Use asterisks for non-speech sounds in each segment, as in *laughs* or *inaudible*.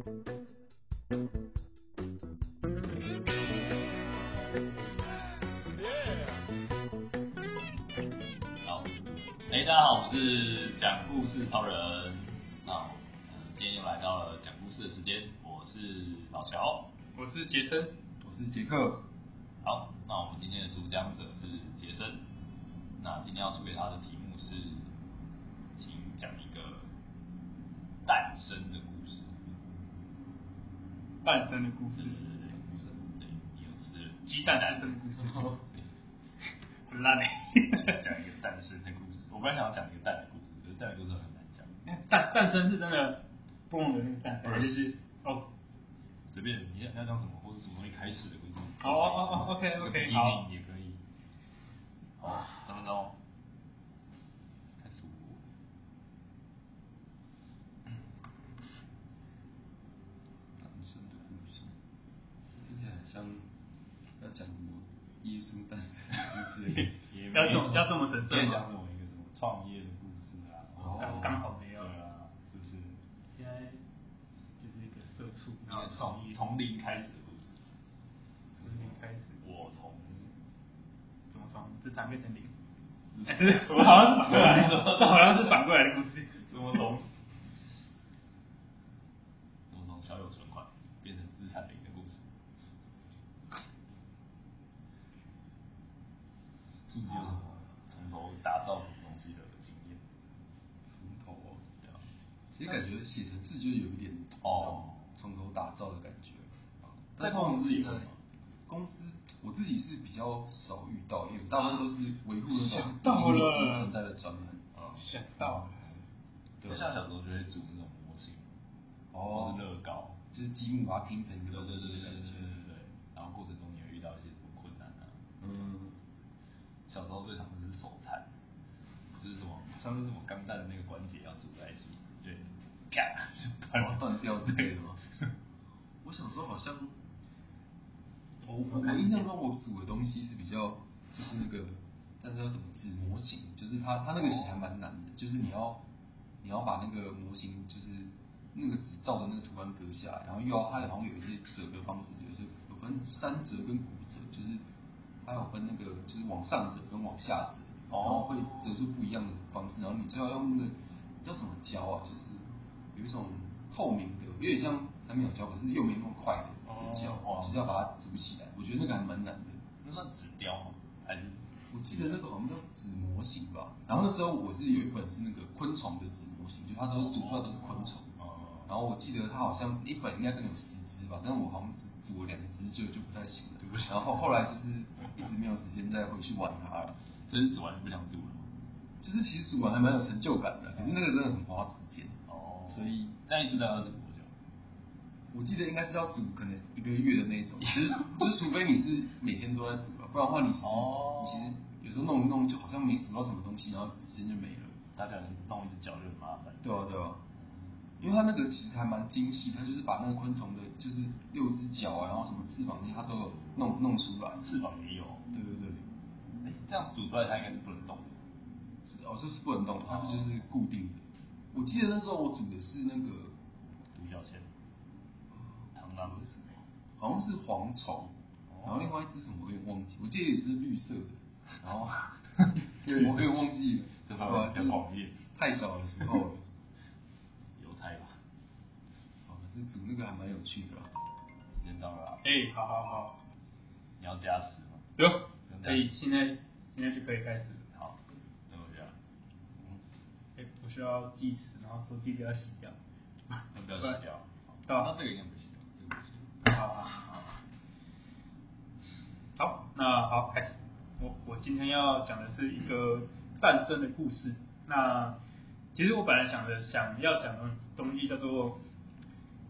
好，哎、hey,，大家好，我是講故事超人。好，呃，今天又來到了講故事的時間，我是老喬，我是杰森，我是杰克。好，那我們今天的主講者是杰森。那今天要出給他的題目是，請講一個誕生。誕生的故事。對對對對，是也是雞蛋誕生的故事嗎？哦、不爛辣你 *laughs* 講一個誕生的故事，我本來想要講一個蛋的故事，可是蛋的故事很難講。蛋生是真的，蛋，不是哦，隨便，你要講什麼，或者一開始的哦哦哦、嗯嗯、，OK OK，命好，也可以。哦，三分鐘。講要講什麼藝術誕生，的故事，要這要這麼神聖嗎？講什麼一個什麼創業的故事啊？我剛好沒有，對啊，是不是？現在就是一個社畜，從從零開始的故事，從零開始。我從怎麼從資產變成零？好像反過來，這好像是反過來的故事。打造什麼東西的經驗，從頭對吧？其實感覺寫程式，就有一點哦，從頭打造的感覺。在公司有嗎？公司我自己是比較少遇到，因為大部分都是維護的。想到了。存在的專門啊，想到了。我小時候就會組那種模型，就是樂高，就是積木把它拼成一個東西。對對對對對，然後過程中你會遇到一些什麼困難啊？嗯。小時候最常的是手殘，這、就是什麼？上次是我鋼彈的那個關節要組在一起，對，啪就掰完斷掉對嗎？ *laughs* 我小時候好像，我我印象中我組的東西是比較就是那個，但是要怎麼紙模型？就是它它那個型還蠻難的，就是你要你要把那個模型就是那個紙照的那個圖案割下來，然後又要它，好像有一些折的方式，就是有分三折跟骨折，就是。它有分那個，就是往上折跟往下折，然後會折出不一樣的方式。Oh. 然後你就要用那個叫什麼膠啊，就是有一種透明的，有點像三秒膠，可是又沒那麼快的膠，oh. Oh. 就是要把它組起來。我覺得那個還蠻難的，那算紙雕嗎？還是？我記得那個好像叫紙模型吧。然後那時候我是有一本是那個昆蟲的紙模型，就它都組出來都是昆蟲。哦。Oh. Oh. 然後我記得它好像一本應該共有十隻吧，但我好像只組了兩隻，兩隻就就不太行了。對不起。然後後來就是。一直沒有時間再回去玩它了，就是只玩微量元素了。就是其實玩還蠻有成就感的，可是那個真的很花時間哦。所以那一直道要怎麼玩？我記得應該是要煮，可能一個月的那種，其實就除非你是每天都在煮吧，不然的話你是其實有時候弄一弄就好像沒煮到什麼東西，然後時間就沒了，大概你動一隻腳就很麻煩。對啊，對啊。因為他那個其實還蠻精細，他就是把那個昆蟲的，就是六只腳啊，然後什麼翅膀，他都有弄弄出來。翅膀也有、哦，對對對。哎、欸，這樣煮出來它應該是不能動的是？哦，這、就是不能動，它是就是固定的。哦、我記得那時候我煮的是那個獨角仙、螳螂還是什麼？好像是蝗蟲，然後另外一只什麼我也忘記，哦、我記得也是綠色的，然後 *laughs* 我又忘記了，對 *laughs* 吧？太小的時候。 *laughs* 煮那個還蠻有趣的。啊，時間到了。啊。哎、欸，好好好。你要加時嗎？有。哎、欸，現在現在就可以開始。好。怎麼樣？哎、嗯欸，不需要計時，然後手機、啊、不要死掉。不要死掉。不行。啊啊啊！好，啊好，那好開始。我我今天要講的是一個誕生的故事。嗯、那其實我本來想的想要講的東西叫做。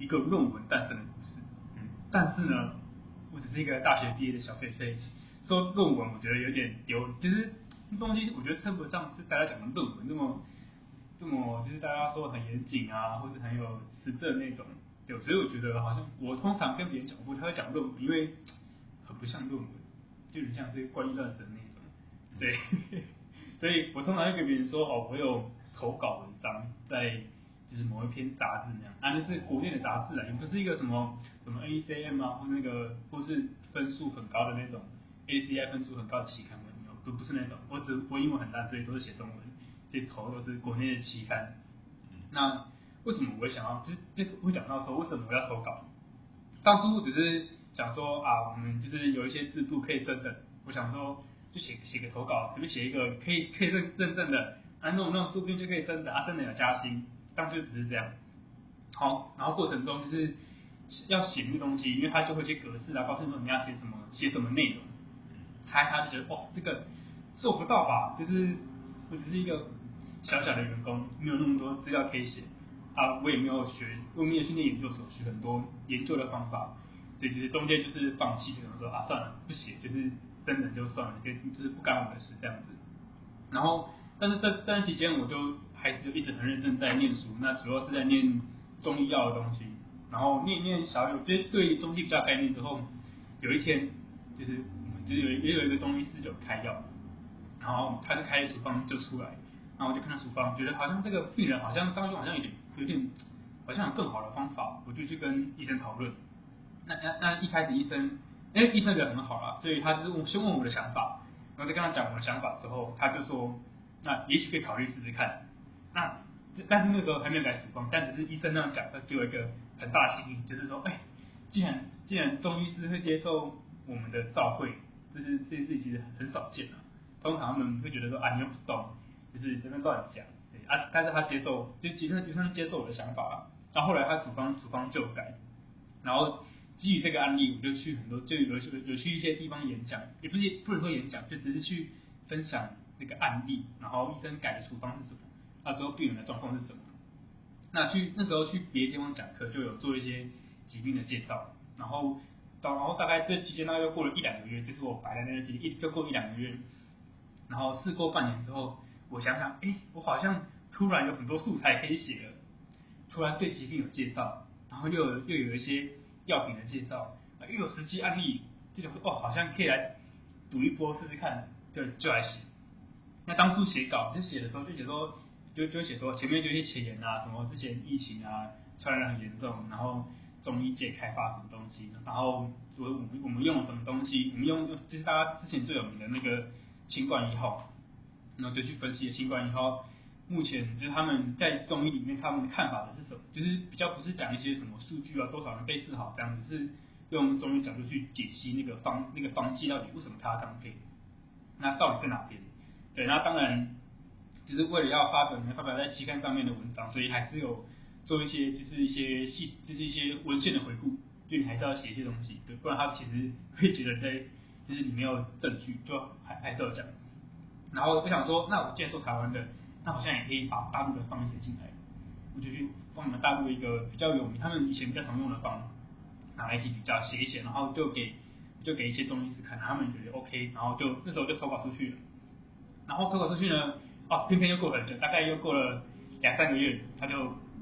一個論文誕生的故事。嗯，但是呢，我只是一個大學畢業的小廢廢，說論文我覺得有點丟，其實這東西我覺得稱不上是大家講的論文那麼，那麼就是大家說很嚴謹啊，或者很有實證那種，對，所以我覺得好像我通常跟別人講過，他會講論文，因為很不像論文，就是像是怪力亂神那種，對，嗯， *laughs* 所以我通常會跟別人說哦，我有投稿文章在。就是某一篇雜誌那樣啊，就是國內的雜誌啊，也不是一個什麼什麼 A C M 啊，或那個或是分數很高的那種 A C I 分數很高的期刊文，都不是那種。我只我英文很爛，所以都是寫中文，所以投都是國內的期刊。嗯、那為什麼我想要？其實這會講到說，為什麼我要投稿？當初我只是想說啊，我、嗯、們就是有一些制度可以分的，我想說就寫寫個投稿，隨便寫一個可以可以認認證的啊，那種那種說不定就可以真的，啊，真的有加薪。他就只是這樣，好，然後過程中就是要寫那東西，因為他就會去格式啊，告訴說你要寫什麼，寫什麼內容。猜他就覺得，哇，這個做不到吧？就是我只是一個小小的員工，沒有那麼多資料可以寫啊，我也沒有學，我也沒有訓練研究所學很多研究的方法，所以其實中間就是放棄，就說啊，算了，不寫，就是真的就算了，就就是不干我的事這樣子。然後，但是這這段時間我就。開始就一直很認真在念書，那主要是在念中醫藥的東西，然後念念小，有些對中醫比較概念之後，有一天就是就是有也有一個中醫師就開藥，然後他就開處方就出來，然後我就看他處方，覺得好像這個病人好像剛剛好像有點有點好像有更好的方法，我就去跟醫生討論。那那那一開始醫生，哎，醫生人很好啊，所以他就是先問我的想法，然後在跟他講我的想法之後，他就說，那也許可以考慮試試看。但是那時候還沒有改處方，但只是醫生那樣講，他給我一個很大的信心，就是說，哎、欸，既然既然中醫師會接受我們的照會，就是這些事情其實很少見啊，通常他們會覺得說啊，你們不懂，就是真的亂講，對啊，但是他接受，就其實醫生接受我的想法了，然、啊、後後來他處方處方就改，然後基於這個案例，我就去很多，就有有去一些地方演講，也不是不能說演講，就只是去分享那個案例，然後醫生改的處方是什麼。那時候病人的狀況是什麼？那去那時候去別的地方講課，就有做一些疾病的介紹。然後到然後大概這期間大概又過了一兩個月，就是我擺的那段時一，又過一兩個月。然後試過半年之後，我想想，哎、欸，我好像突然有很多素材可以寫了。突然對疾病有介紹，然後又有又有一些藥品的介紹，又有實際案例，這就哦，好像可以來賭一波試試看，就就來寫。那當初寫稿就寫的時候，就寫說。就就寫說前面就些前言啊，什麼之前疫情啊，傳染很嚴重，然後中醫界開發什麼東西，然後我我們用了什麼東西，我們用就是大家之前最有名的那個清冠一號，然後就去分析清冠一號，目前就是他們在中醫裡面他們的看法的是什麼，就是比較不是講一些什麼數據啊，多少人被治好這樣子，是用中醫角度去解析那個方那個方劑到底為什麼它剛配，那到底在哪邊，對，那當然。就是為了要發表，你發表在期刊上面的文章，所以還是有做一些，就是一些細，就是一些文獻的回顧，就你還是要寫一些東西，對，不然他其實會覺得在就是你沒有證據，就還還是要講。然後我想說，那我既然做台灣的，那好像也可以把大陸的方寫進來。我就去幫你們大陸一個比較有名，他們以前比較常用的方，拿來一起比較寫一寫，然後就給就給一些東西是看他們覺得 OK，然後就那時候就投稿出去了。然後投稿出去呢？哦，偏偏又過了很久，大概又過了兩三個月，他就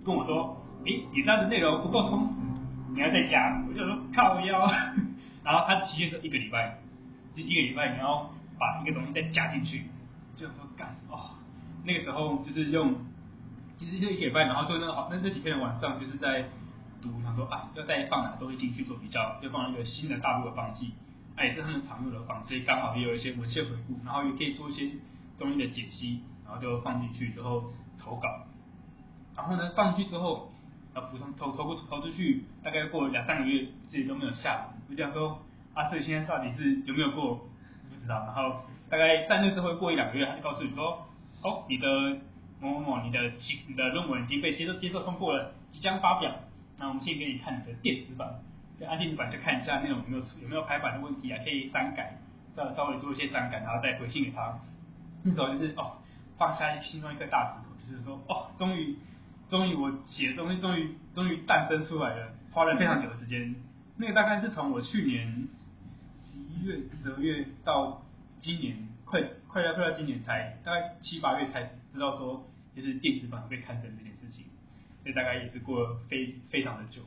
跟我說：“誒、欸，你那的內容不夠充實，你要再加。”我就說：“靠腰，要。”然後他持說一個禮拜，就一個禮拜，然後把一個東西再加進去。就說幹哦，那個時候就是用，其實就一個禮拜，然後就那好、個，那這幾天的晚上就是在讀，想說啊，要再放哪都一定去做比較，就放一個新的大陸的方劑，那、啊、也是他們常用的方，所以剛好也有一些文獻回顧，然後也可以做一些中醫的解析。然後就放進去之後投稿，然後呢，放進去之後，呃，普通投投過投出去，大概過了兩三個月自己都沒有下文，就這樣說，啊，所以現在到底是有沒有過不知道。然後大概三個月之後過一兩個月，他就告訴你說，哦，你的某某某，你的其你的論文已經被接受接受通過了，即將發表。那我們先給你看你的電子版，就按電子版去看一下內容有沒有有沒有排版的問題啊，可以刪改，再稍微做一些刪改，然後再回信給他。那時候就是哦。放下心中一塊大石頭，就是說，哦，終於，終於我寫的東西，終於終於誕生出來了，花了非常久的時間。那個大概是從我去年十一月、十二月到今年快快要快到今年才大概七八月才知道說，就是電子版被刊登這件事情，所以大概也是過了非非常的久。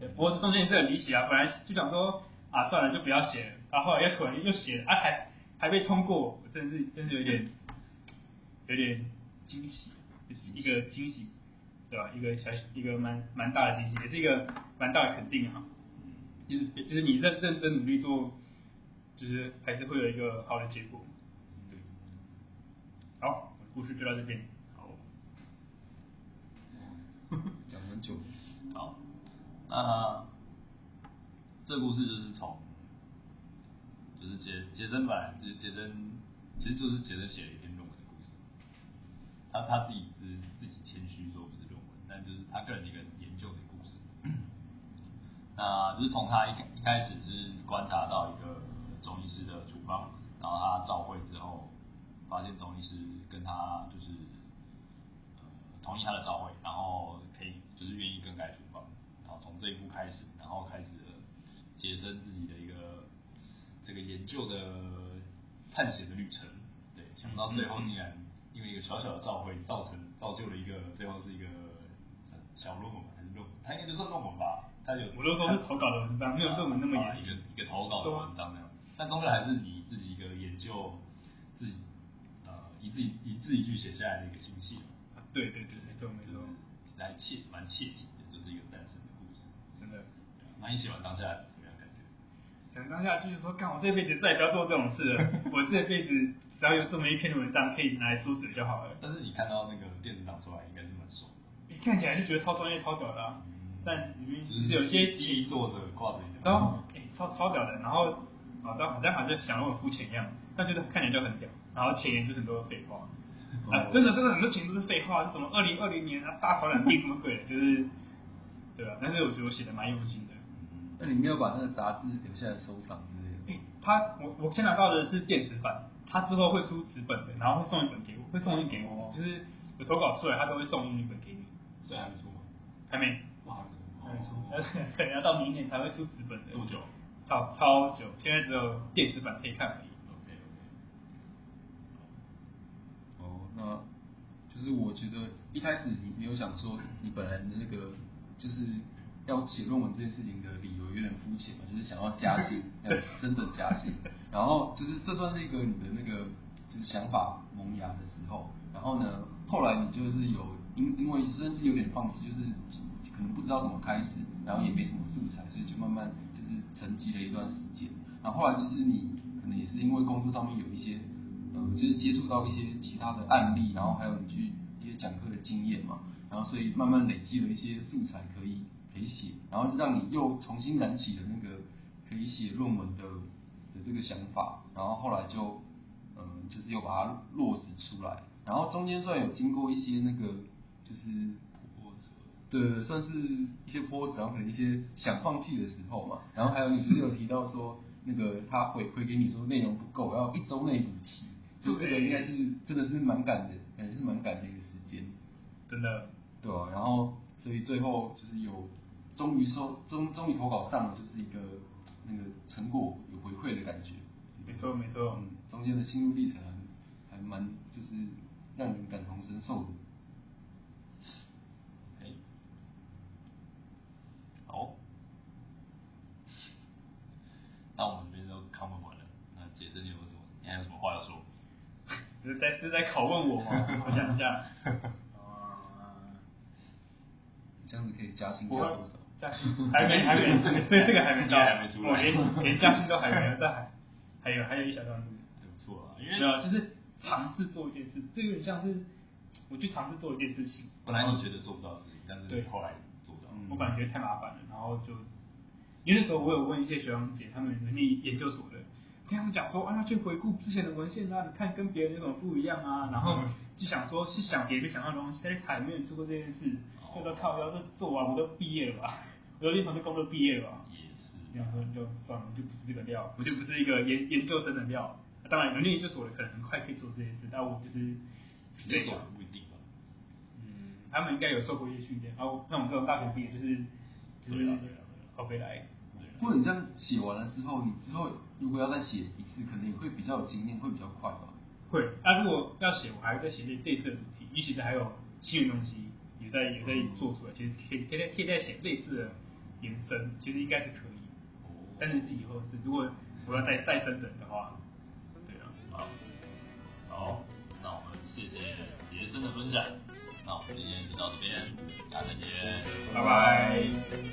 對，不過中間也很離奇啊，本來就想說啊算了就不要寫了，然、啊、後後來又突然又寫了，啊還還被通過，真是真是有點。有點驚喜，一個驚喜，對吧？一個小一個蠻蠻大的驚喜，也是一個蠻大的肯定啊。就是就是你認認真努力做，就是還是會有一個好的結果。對，好，我的故事就到這邊。好，講很久， *laughs* 好那啊。這故事就是從，就是傑傑森吧，就是傑森，其實就是傑森寫的。他他自己是自己謙虛說不是論文，但就是他個人的一個研究的故事。嗯、那就是從他一一開始是觀察到一個中、呃、醫師的處方，然後他照會之後，發現中醫師跟他就是、呃、同意他的照會，然後可以就是願意更改處方，然後從這一步開始，然後開始了傑森自己的一個這個研究的探險的旅程。對，想不到最後竟然。嗯嗯一個小小的召回，造成造就了一個，最後是一個小論文還是論文？他應該就是論文吧？他有我都說、啊、投稿的文章，沒有論文那麼嚴一個一個投稿的文章那樣，對 但終究還是你自己一個研究，自己呃，一字一自己句寫下來的一個信息。對對對對，沒錯，沒錯蠻切蠻切題的，就是一個誕生的故事，真的。蠻喜歡。當下怎麼樣感覺？想當下就是說，幹我這輩子再也不要做這種事了， *laughs* 我這輩子。只要有這麼一篇文章可以拿來收集就好了、欸。但是你看到那個電子檔出來應該，應該這麼說，看起來就覺得超專業、超屌的、啊。嗯、但裡面只是,是有些奇作者掛着一張，誒超超屌的，然後好但好像好像想得很膚淺一樣，但就是看起來就很屌。然後前言就是很多廢話、嗯欸，真的真的、這個、很多前言都是廢話，是什麼二零二零年啊大傳染病這麼貴、欸， *laughs* 就是對啊。但是我覺得我寫的蠻用心的。那你沒有把那個雜志留下來收藏之、欸、他我我先拿到的是電子版。他之後會出紙本的，然後會送一本給我，會送一本給我，就是有投稿出來，他都會送一本給你。是還沒出嗎？還沒。不好出，還沒出，但是可能要到明年才會出紙本的。多久？超超久，現在只有電子版可以看而已。OK，OK。哦，那就是我覺得一開始你沒有想說，你本來的那個就是。寫論文這件事情的理由有點膚淺嘛，就是想要加薪， *laughs* 真的加薪。然後就是這算是一個你的那個就是想法萌芽的時候。然後呢，後來你就是有因因為真是有點放棄，就是可能不知道怎麼開始，然後也沒什麼素材，所以就慢慢就是沉寂了一段時間。然後後來就是你可能也是因為工作上面有一些，呃，就是接觸到一些其他的案例，然後還有你去一些講課的經驗嘛，然後所以慢慢累積了一些素材可以。可以寫，然後讓你又重新燃起的那個可以寫論文的的這個想法，然後後來就嗯，就是又把它落實出來，然後中間算有經過一些那個就是對折對，算是一些波折，然後可能一些想放棄的時候嘛。然後還有你之前有提到說， *laughs* 那個他回饋給你說內容不夠，要一週內補齊，這個人應該是真的是蠻趕的，感覺是蠻趕的一個時間，真的。對啊，然後所以最後就是有。終於說，終終於投稿上了，就是一個那個成果有回饋的感覺。沒錯沒錯，沒錯。嗯、中間的心路歷程還蠻就是讓人感同身受的。哦。好，那我們這邊都拷問完了，那姐，你有什麼？你還有什麼話要說？ *laughs* 這是在這是在拷問我嗎？我想一下。啊，這樣子可以加薪加多少？Well, 還沒 *laughs* 還沒，這 *laughs* 這個還沒到，我連連假期都還沒但還還有，再還還有還有一小段路。不錯啊，因為、啊、就是嘗試做一件事，這有點像是我去嘗試做一件事情，本來我覺得做不到事情，但是對後來做到。對嗯、我感覺太麻煩了，然後就因為那時候我有問一些學長姐，他們人力研究所的，聽他們講說，啊去回顧之前的文獻啊，你看跟別人有什麼不一樣啊，然後就想說是想給別人想要的東西，但是才沒有做過這件事，這、哦、都套要都做完，我都畢業了吧。尤力從那工作畢業吧，也是，那、嗯、想說就算了，你就不是這個料，我就不是一個研研究生的料。啊、當然尤力就是我的，可能快可以做這件事，但我就是，那可不一定吧。嗯，他們應該有受過一些訓練、嗯，然後像我們這種大學畢業、就是，就是就是好回來。或者你這樣寫完了之後，你之後如果要再寫一次，可能也會比較有經驗，會比較快吧？會，那、啊、如果要寫，我還會再寫一些這側主題，尤其是還有新的東西也在也在做出來，嗯、其實可以天天天天在寫類似的。平伸其實應該是可以，但是以後是如果我要再再等等的話，對啊，好，好，那我們謝謝傑森的分享，那我們今天就到這邊，下次見，拜拜。